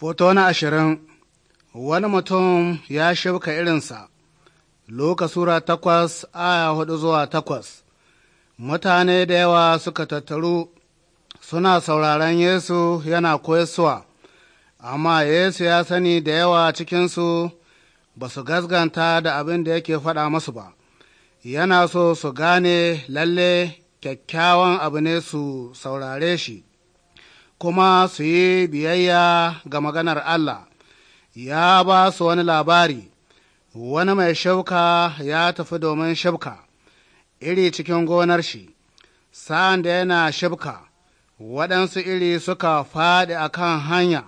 Foto na ashirin Wani mutum ya shauka irinsa, Luka Sura takwas aya hudu zuwa takwas. Mutane da yawa suka tattaru suna sauraron Yesu yana koyarwa, amma Yesu ya sani da yawa cikinsu ba su gasganta da abin da yake faɗa masu ba. Yana so su gane lalle kyakkyawan abu ne su saurare shi. kuma su yi biyayya ga maganar Allah, ya ba su wani labari, wani mai shauka ya tafi domin shabka, iri cikin gonar shi, sa'an da yana shabka, waɗansu iri suka faɗi a kan hanya.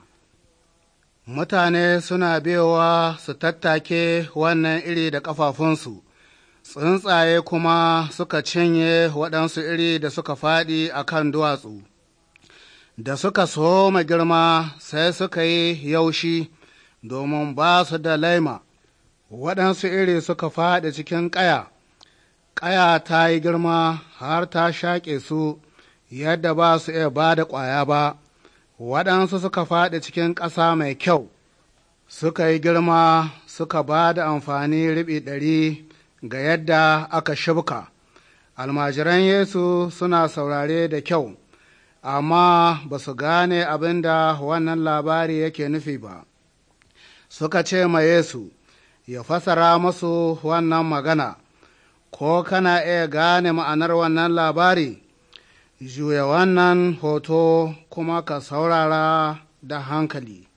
Mutane suna bewa su tattake wannan iri da ƙafafunsu, tsuntsaye kuma suka cinye waɗansu iri da suka faɗi a kan duwatsu. da suka soma girma sai suka yi yaushi domin ba su da laima, waɗansu iri suka faɗi cikin ƙaya, ƙaya ta yi girma har ta shaƙe su yadda ba su iya ba da ƙwaya ba, waɗansu suka faɗi cikin ƙasa mai kyau, suka yi girma suka ba da amfani riɓi ɗari ga yadda aka shibka. Almajiran Yesu suna saurare da kyau. amma ba su gane abin da wannan labari yake nufi ba suka ce ma yesu ya fasara masu wannan magana ko kana iya gane ma'anar wannan labari juya wannan hoto kuma ka saurara da hankali